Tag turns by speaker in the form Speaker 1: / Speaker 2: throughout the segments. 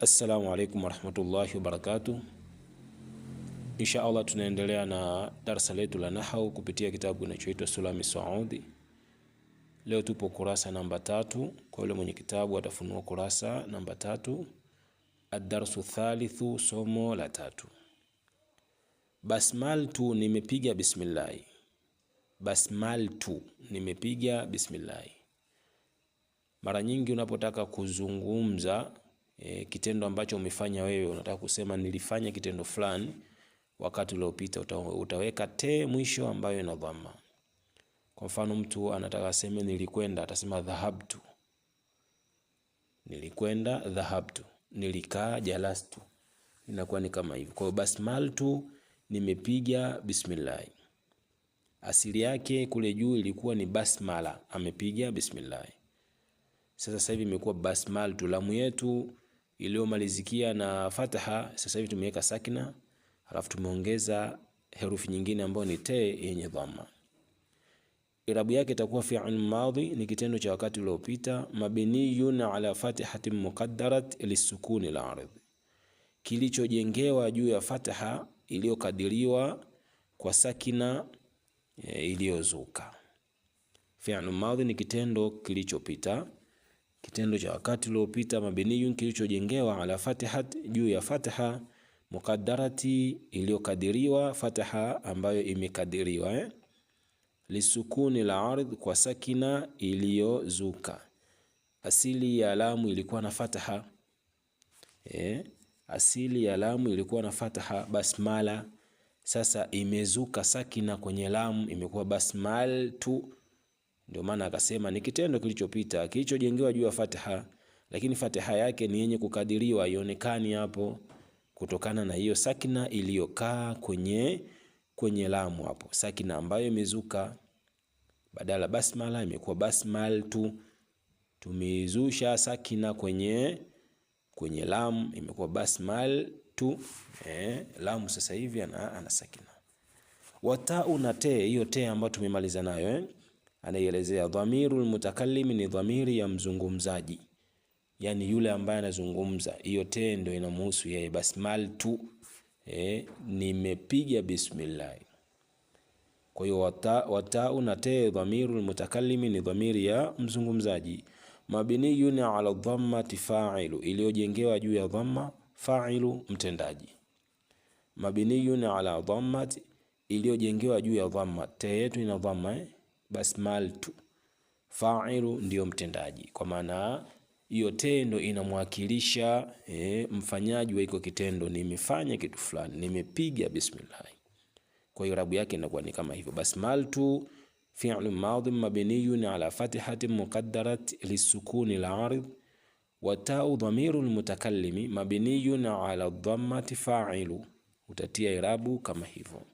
Speaker 1: Assalamu alaikum warahmatullahi wabarakatuh. Insha Allah tunaendelea na darsa letu la nahau kupitia kitabu kinachoitwa Sulami Saudi. Leo tupo kurasa namba tatu. Kwa yule mwenye kitabu atafunua kurasa namba tatu, ad-darsu thalithu, somo la tatu. Basmaltu, nimepiga bismillahi. Basmaltu, nimepiga bismillahi. Mara nyingi unapotaka kuzungumza e, kitendo ambacho umefanya wewe, unataka kusema nilifanya kitendo fulani wakati uliopita, utaweka te mwisho ambayo ina dhamma. Kwa mfano mtu anataka aseme nilikwenda, atasema dhahabtu. Nilikwenda dhahabtu, nilikaa jalastu, inakuwa ni kama hivyo. Kwa hiyo basmaltu, nimepiga bismillah. asili yake kule juu ilikuwa ni basmala, amepiga bismillah. Sasa sasa hivi imekuwa basmaltu, lamu yetu iliyomalizikia na fataha, sasa hivi tumeweka sakina, alafu tumeongeza herufi nyingine ambayo ni te yenye dhamma. Irabu yake itakuwa fi'il madhi, ni kitendo cha wakati uliopita, mabniyun ala fatihati muqaddarat lisukuni al-arid, kilichojengewa juu ya fataha iliyokadiriwa kwa sakina eh, iliyozuka. Fi'il madhi ni kitendo kilichopita kitendo cha wakati uliopita mabiniyun kilichojengewa ala fatihat juu ya fatha muqaddarati iliyokadiriwa fatha ambayo imekadiriwa eh? lisukuni la ardh kwa sakina iliyozuka. Asili ya lamu ilikuwa na fataha eh? asili ya lamu ilikuwa na fataha basmala. Sasa imezuka sakina kwenye lamu, imekuwa basmal tu ndio maana akasema ni kitendo kilichopita kilichojengewa juu ya fatha, lakini fatha yake ni yenye kukadiriwa, ionekani hapo kutokana na hiyo sakina iliyokaa kwenye kwenye lamu hapo, sakina ambayo imezuka badala basmala imekuwa basmal tu. Tumeizusha sakina kwenye kwenye lamu imekuwa basmal tu eh, lamu sasa hivi ana, ana sakina watau na te, hiyo te ambayo tumemaliza nayo eh anaielezea dhamiru almutakallimi ni dhamiri ya mzungumzaji, yani yule ambaye anazungumza. Hiyo tendo inamhusu yeye. tu eh, nimepiga bismillah. Kwa hiyo wata, watau na te dhamiru almutakallimi ni dhamiri ya mzungumzaji. Mabniyun ala dhamma tifailu, iliyojengewa juu ya dhamma fa'ilu, mtendaji. Mabniyun ala dhamma, iliyojengewa juu ya dhamma. Te yetu ina dhamma eh? basmaltu, fa'ilu ndiyo mtendaji, kwa maana hiyo tendo inamwakilisha eh, mfanyaji wa iko kitendo. Nimefanya kitu fulani, nimepiga bismillah. Kwa hiyo rabu yake inakuwa ni kama hivyo, basmaltu fi'lu madhi mabniyun ala fathati muqaddarat lisukuni al'arid wa ta'u dhamiru almutakallimi mabniyun ala dhammati fa'ilu. Utatia irabu kama hivyo.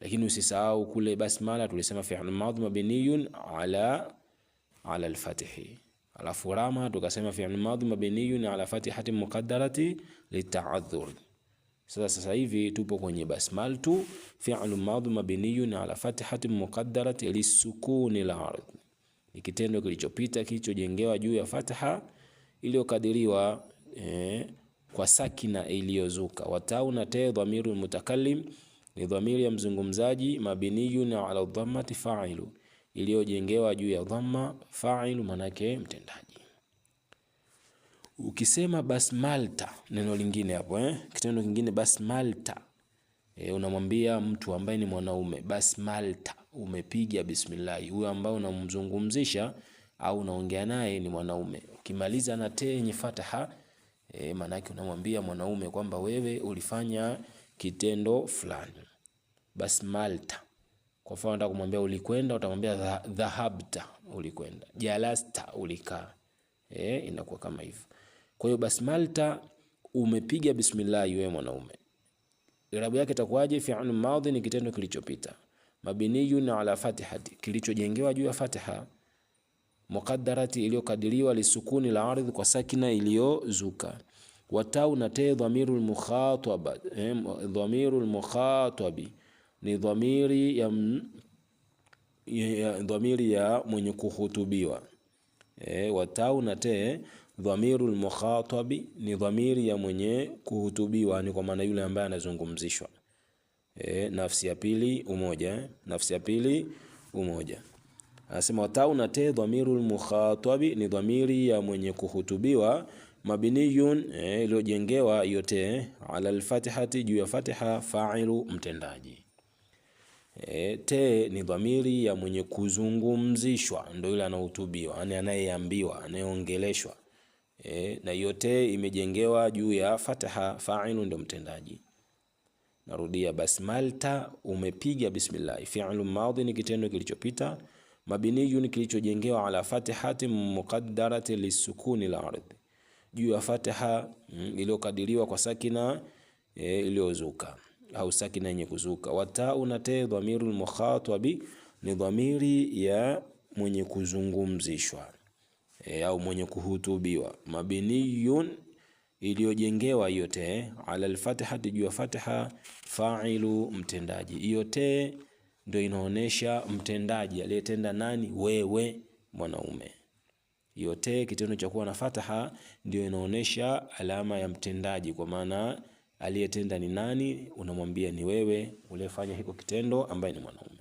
Speaker 1: Lakini usisahau kule basmala tulisema fi'l madhi mabniyun ala ala al-fathi. Alafu rama tukasema fi'l madhi mabniyun ala fatihati muqaddarati lit'adhur Sasa sasa hivi tupo kwenye basmal tu fi'l madhi mabniyun ala fatihati muqaddarati lisukuni al-ard. Ni kitendo kilichopita kilichojengewa juu ya fatha iliyokadiriwa eh, kwa sakina iliyozuka watau na te dhamiru mutakallim ni dhamiri ya mzungumzaji mabiniyun ala dhammati fa'ilu, iliyojengewa juu ya dhamma. Fa'ilu manake mtendaji. Ukisema basmalta, neno lingine hapo eh, kitendo kingine basmalta. E, eh, unamwambia mtu ambaye ni mwanaume basmalta, umepiga bismillah. Huyo ambaye unamzungumzisha au unaongea naye ni mwanaume, ukimaliza na te yenye fataha e, eh, maanake unamwambia mwanaume kwamba wewe ulifanya kitendo fulani basi malta. Kwa mfano nataka kumwambia ulikwenda, utamwambia dhahabta, ulikwenda. Jalasta, ulikaa. Eh, inakuwa kama hivyo. Kwa hiyo basi malta, umepiga bismillah wewe mwanaume. Irabu yake itakuwaje? Fi'l madhi ni kitendo kilichopita. Mabniyun ala fatihati, kilichojengewa juu ya fatiha. Muqaddarati, iliyokadiriwa. Lisukuni la ardhi, kwa sakina iliyozuka. Watau na te dhamirul mukhatab, eh, dhamirul mukhatabi ni dhamiri ya, ya, dhamiri ya mwenye kuhutubiwa e, watau na te dhamiru mukhatabi ni dhamiri ya mwenye kuhutubiwa, ni kwa maana yule ambaye anazungumzishwa. E, nafsi ya pili umoja, nafsi ya pili umoja. Anasema watau na te dhamiru mukhatabi ni dhamiri ya mwenye kuhutubiwa mabiniyun e, iliyojengewa yote ala alfatihati juu ya fatiha fa'ilu mtendaji E, te ni dhamiri ya mwenye kuzungumzishwa, ndio yule anahutubiwa, yani anayeambiwa, anayeongeleshwa. E, na hiyo te imejengewa juu ya fataha, fa'ilu ndio mtendaji. Narudia, basmalta umepiga bismillah. Fi'lu madhi ni kitendo kilichopita, mabiniyun kilichojengewa ala fatihati muqaddarati lisukuni la juu ya fataha mm, iliyokadiriwa kwa sakina e, iliyozuka au na yenye kuzuka. Watau na te dhamiru mukhatabi ni dhamiri ya mwenye kuzungumzishwa e, au mwenye kuhutubiwa. Mabiniyun iliyojengewa hiyo te ala alfathati, juu ya fatha, fa'ilu mtendaji. Hiyo te ndio inaonesha mtendaji aliyetenda nani? Wewe mwanaume. Hiyo te kitendo cha kuwa na fataha ndio inaonesha alama ya mtendaji kwa maana aliyetenda ni nani, unamwambia ni wewe uliyefanya hiko kitendo ambaye ni mwanaume.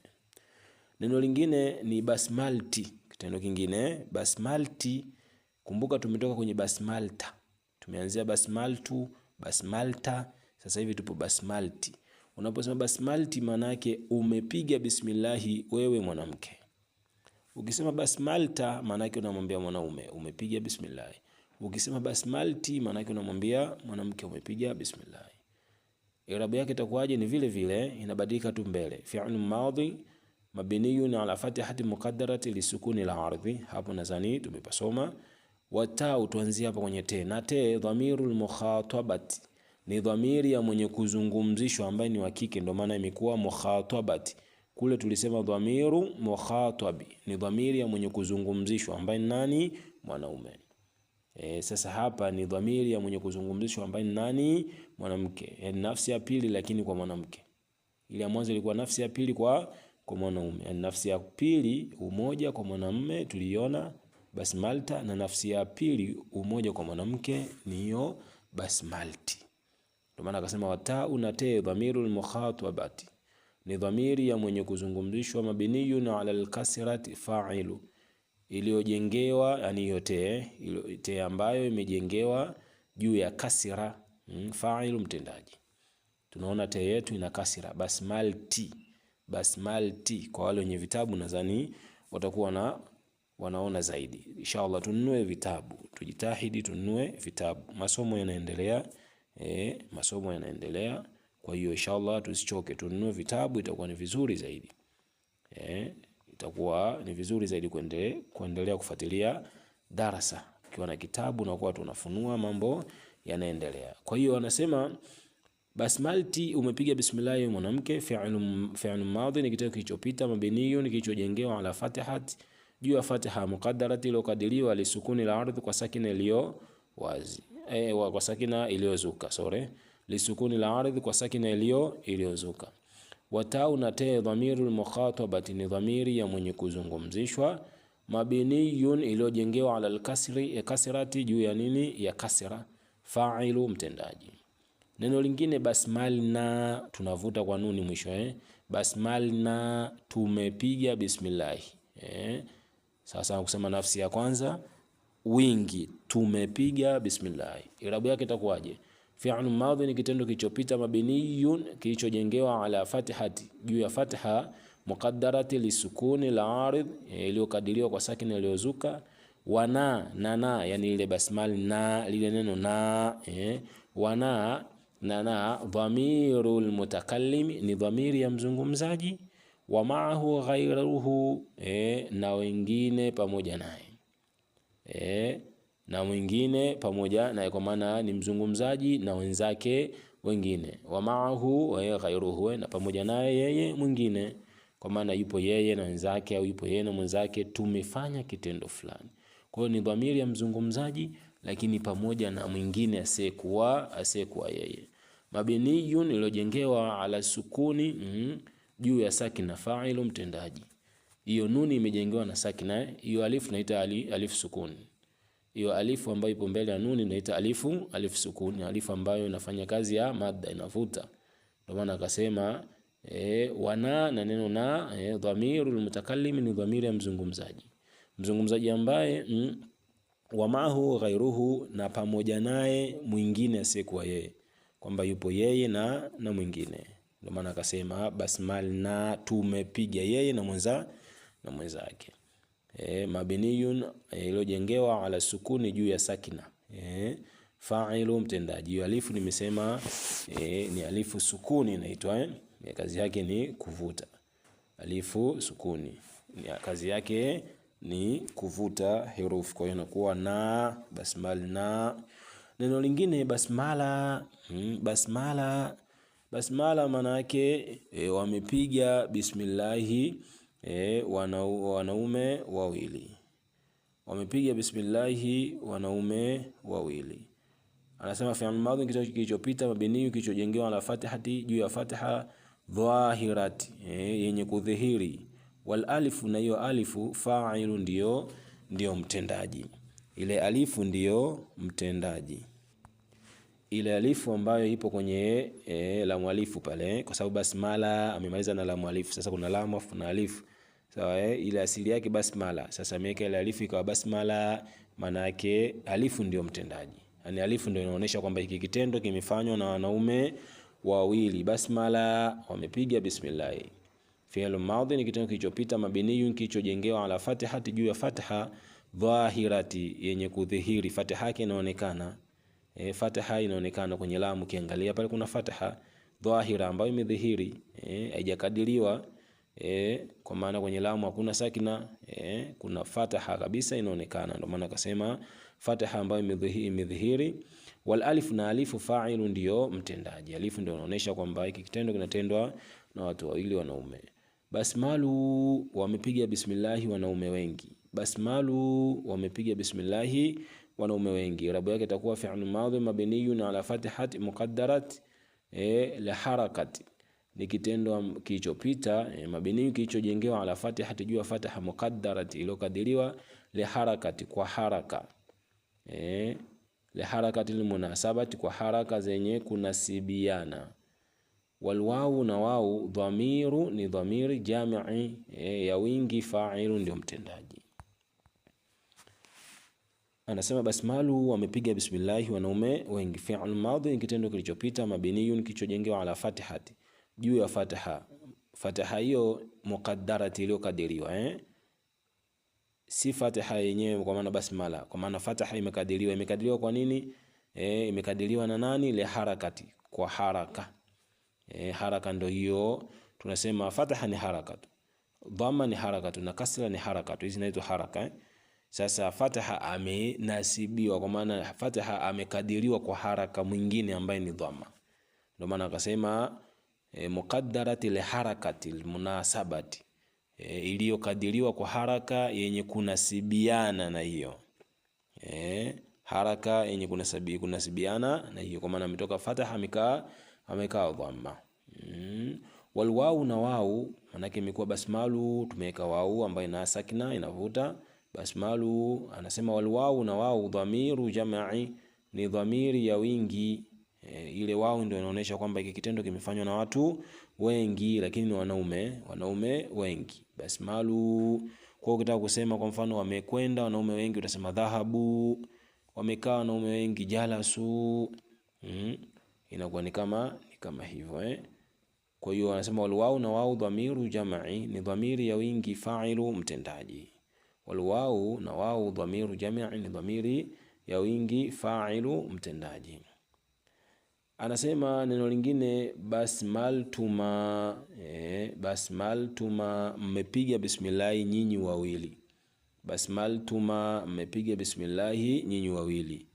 Speaker 1: Neno lingine ni basmalti, kitendo kingine basmalti. Kumbuka tumetoka kwenye basmalta, tumeanzia basmaltu, basmalta, sasa hivi tupo basmalti. Unaposema basmalti, maana yake umepiga bismillahi wewe mwanamke. Ukisema basmalta, maana yake unamwambia mwanaume umepiga bismillahi. Ukisema basmalti, maana yake unamwambia mwanamke umepiga bismillah. Irabu yake itakuwaje? Ni vile vile, inabadilika tu mbele. Fi'l madhi mabniyun ala fatihati muqaddarati lisukuni la ardhi, hapo nadhani tumepasoma. Watau tuanzie hapa kwenye te na te, dhamirul mukhatabati ni dhamiri ya mwenye kuzungumzishwa ambaye ni wa kike, ndio maana imekuwa mukhatabati. Kule tulisema dhamiru mukhatabi ni dhamiri ya mwenye kuzungumzishwa ambaye ni nani? Mwanaume. E, sasa hapa ni dhamiri ya mwenye kuzungumzishwa ambaye ni nani? Mwanamke. E, nafsi ya pili lakini kwa mwanamke. Ile ya mwanzo ilikuwa nafsi ya pili kwa kwa mwanaume. Yaani nafsi ya pili umoja kwa mwanamume tuliona basmalta na nafsi ya pili umoja kwa mwanamke ni hiyo basmalti. Ndio maana akasema watau na te dhamirul mukhatabati. Ni dhamiri ya mwenye kuzungumzishwa mabiniyun ala alkasrati fa'ilu iliyojengewa yani yote yote ambayo imejengewa juu ya kasira mm, fa'il mtendaji. Tunaona te yetu ina kasira basmalti, basmalti. Kwa wale wenye vitabu nadhani watakuwa na wanaona zaidi. Inshallah tununue vitabu, tujitahidi tununue vitabu. Masomo yanaendelea e, masomo yanaendelea. Kwa hiyo inshallah tusichoke, tununue vitabu, itakuwa ni vizuri zaidi e itakuwa ni vizuri zaidi kuendelea, kuendelea kufuatilia darasa ukiwa na kitabu na kwa tunafunua mambo yanaendelea. Kwa hiyo anasema basmalti umepiga bismillah ya mwanamke, fi'l madhi ni kitendo kilichopita, ni kilichojengewa, ala fatihat juu ya fatiha, muqaddarati iliyokadiriwa, lisukuni la ardhi kwa sakina iliyo wazi e, kwa sakina iliyozuka, sorry lisukuni la ardhi kwa sakina iliyo iliyozuka watau na dhamiru lmukhatabati ni dhamiri ya mwenye kuzungumzishwa, mabiniyun iliyojengewa ala lkasri e kasrati, juu ya nini? Ya kasra, failu mtendaji. Neno lingine basmalna, tunavuta kwa nuni mwisho eh? Basmalna, tumepiga bismillahi eh? Sasa kusema nafsi ya kwanza wingi, tumepiga bismillahi, irabu yake itakuwaje? Fi'lu madhi ni kitendo kilichopita, mabniyun, kilichojengewa ala fathati, juu ya fatha, muqaddarati lisukuni la arid, eh, iliyokadiriwa kwa sakin iliyozuka, wana na na, yani ile basmali na, lile neno na eh, wana na na, dhamirul mutakallim ni dhamiri ya mzungumzaji, wa maahu ghairuhu, eh, na wengine pamoja naye eh na mwingine pamoja naye, kwa maana ni mzungumzaji na wenzake wengine. Wa maahu wa ghairuhu, na pamoja naye yeye mwingine, kwa maana yupo yeye na wenzake, au yupo yeye na mwenzake, tumefanya kitendo fulani. Kwa hiyo ni dhamiri ya mzungumzaji, lakini pamoja na mwingine asiyekuwa asiyekuwa yeye. Mabiniyun, iliyojengewa ala sukuni, mm, juu ya sakina, fa'ilu, mtendaji. Hiyo nuni imejengewa na sakina, hiyo alifu naita ali, alif sukuni hiyo alifu ambayo ipo mbele ya nuni inaita alifu alifu sukuni, alifu ambayo inafanya kazi ya madda, inavuta. Ndio maana akasema e, wana na neno na e, eh, dhamiru mutakallim ni dhamiri ya mzungumzaji, mzungumzaji ambaye mm, wa mahu ghairuhu, na pamoja naye mwingine asiyekuwa yeye, kwamba yupo yeye na, na mwingine. Ndio maana akasema basmal na tumepiga yeye na mwenza na mwenzake e, mabniyun e, iliyojengewa e, ala sukuni juu ya sakina e, fa'ilu mtendaji. alifu nimesema e, ni alifu sukuni inaitwa e, Kazi yake ni kuvuta. Alifu sukuni ni kazi yake ni kuvuta herufi, kwa hiyo inakuwa na basmala. Na neno lingine basmala, hmm, basmala, basmala maana yake e, wamepiga bismillahi e, wanaume wawili wamepiga bismillahi wanaume wawili. Anasema fi almadhi madhi kilichopita, mabini kilichojengewa na fatihati, juu ya fatiha dhahirati, e, yenye kudhihiri, wal alifu, na hiyo alifu fa'ilu, ndio ndio mtendaji. Ile alifu ndiyo mtendaji, ile alifu ambayo ipo kwenye e, la mwalifu pale, kwa sababu basmala amemaliza na la mwalifu. Sasa kuna lamu afu na alifu sawa so, eh, ile asili yake basmala. Sasa ameweka ile alifu ikawa basmala, maana yake alifu ndio mtendaji, yani alifu ndio inaonyesha kwamba hiki kitendo kimefanywa na wanaume wawili. Basmala wamepiga bismillah. Fi'l madhi ni kitendo kilichopita, mabini yun kilichojengewa ala fatihati, juu ya fatha dhahirati, yenye kudhihiri. Fatha yake inaonekana e, eh, fatha inaonekana kwenye lamu, kiangalia pale kuna fatha dhahira ambayo imedhihiri, eh, haijakadiriwa e, e, kwa maana kwenye lamu hakuna sakina e, kuna fataha kabisa inaonekana. Ndio maana akasema fataha ambayo imedhihiri. Wal alif na alifu fa'ilu ndio mtendaji, alifu ndio inaonyesha kwamba hiki kitendo kinatendwa na watu wawili wanaume. Basmalu wamepiga bismillahi wanaume wengi. Basmalu wamepiga bismillahi wanaume wengi, rabu yake itakuwa fi'lun madhi mabniyun ala fatihati muqaddarat e, la harakati ni kitendo kilichopita e, eh, mabini kilichojengewa ala fatihati juu ya fataha muqaddarati iliyokadiriwa harakati kwa haraka e, eh, harakati limunasabati kwa haraka zenye kunasibiana. Walwawu na wau dhamiru ni dhamiri jamii e, ya wingi fa'ilu ndio mtendaji. Anasema basmalu wamepiga bismillahi wanaume wengi. Fi'l madhi ni kitendo kilichopita, mabiniyun kilichojengewa ala fatihati juu ya fataha. Fataha hiyo muqaddarati iliyokadiriwa eh? si fataha yenyewe kwa maana basmala, kwa maana fataha imekadiriwa. Imekadiriwa kwa nini? Eh, imekadiriwa na nani? Le harakati, kwa haraka eh, haraka ndio hiyo tunasema fataha ni haraka tu, dhamma ni haraka tu, na kasra ni haraka tu, hizi zinaitwa haraka eh? Sasa fataha amenasibiwa kwa maana fataha amekadiriwa kwa haraka mwingine ambaye ni dhamma, ndio maana akasema e, muqaddarati liharakati almunasabati e, iliyokadiriwa kwa haraka yenye kunasibiana na hiyo e, haraka yenye kunasibi, kunasibiana na hiyo, kwa maana ametoka fataha amekaa amekaa dhamma mm. Walwau na wau manake imekuwa basmalu, tumeweka wau ambayo ina sakina inavuta basmalu. Anasema walwau na wau dhamiru jamai, ni dhamiri ya wingi E, ile wao ndio inaonyesha kwamba hiki kitendo kimefanywa na watu wengi, lakini ni wanaume, wanaume wengi. Basi malu kwa ukitaka kusema kwa mfano wamekwenda wanaume wengi utasema dhahabu, wamekaa wanaume wengi jalasu. Mm, inakuwa ni kama ni kama hivyo eh. Kwa hiyo wanasema walwau na wau dhamiru jamai ni dhamiri ya wingi fa'ilu mtendaji. Walwau na wau dhamiru jamai ni dhamiri ya wingi fa'ilu mtendaji. Anasema neno lingine tuma, eh, tuma mmepiga bismillahi nyinyi wawili. tuma mmepiga bismillahi nyinyi wawili.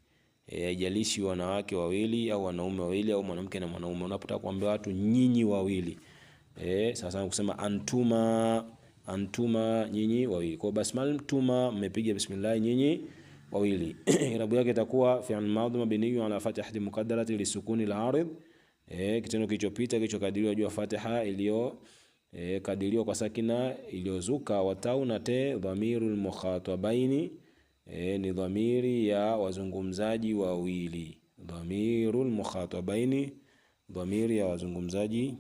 Speaker 1: Eh, haijalishi e, wanawake wawili au wanaume wawili au mwanamke na mwanaume, unapotaka kuambia watu nyinyi wawili e, eh, sasa kusema antuma, antuma nyinyi wawili. Kwa basmaltuma mmepiga bismillahi nyinyi wawili irabu yake itakuwa fi'l madhi mabni ala fathati muqaddarati lisukuni al ardh Eh, kitendo kilichopita kilichokadiriwa juu ya fatiha iliyo eh, kadiriwa kwa sakina iliyozuka watau na te. Dhamirul mukhatabaini eh, ni dhamiri ya wazungumzaji wawili. Dhamirul mukhatabaini, dhamiri ya wazungumzaji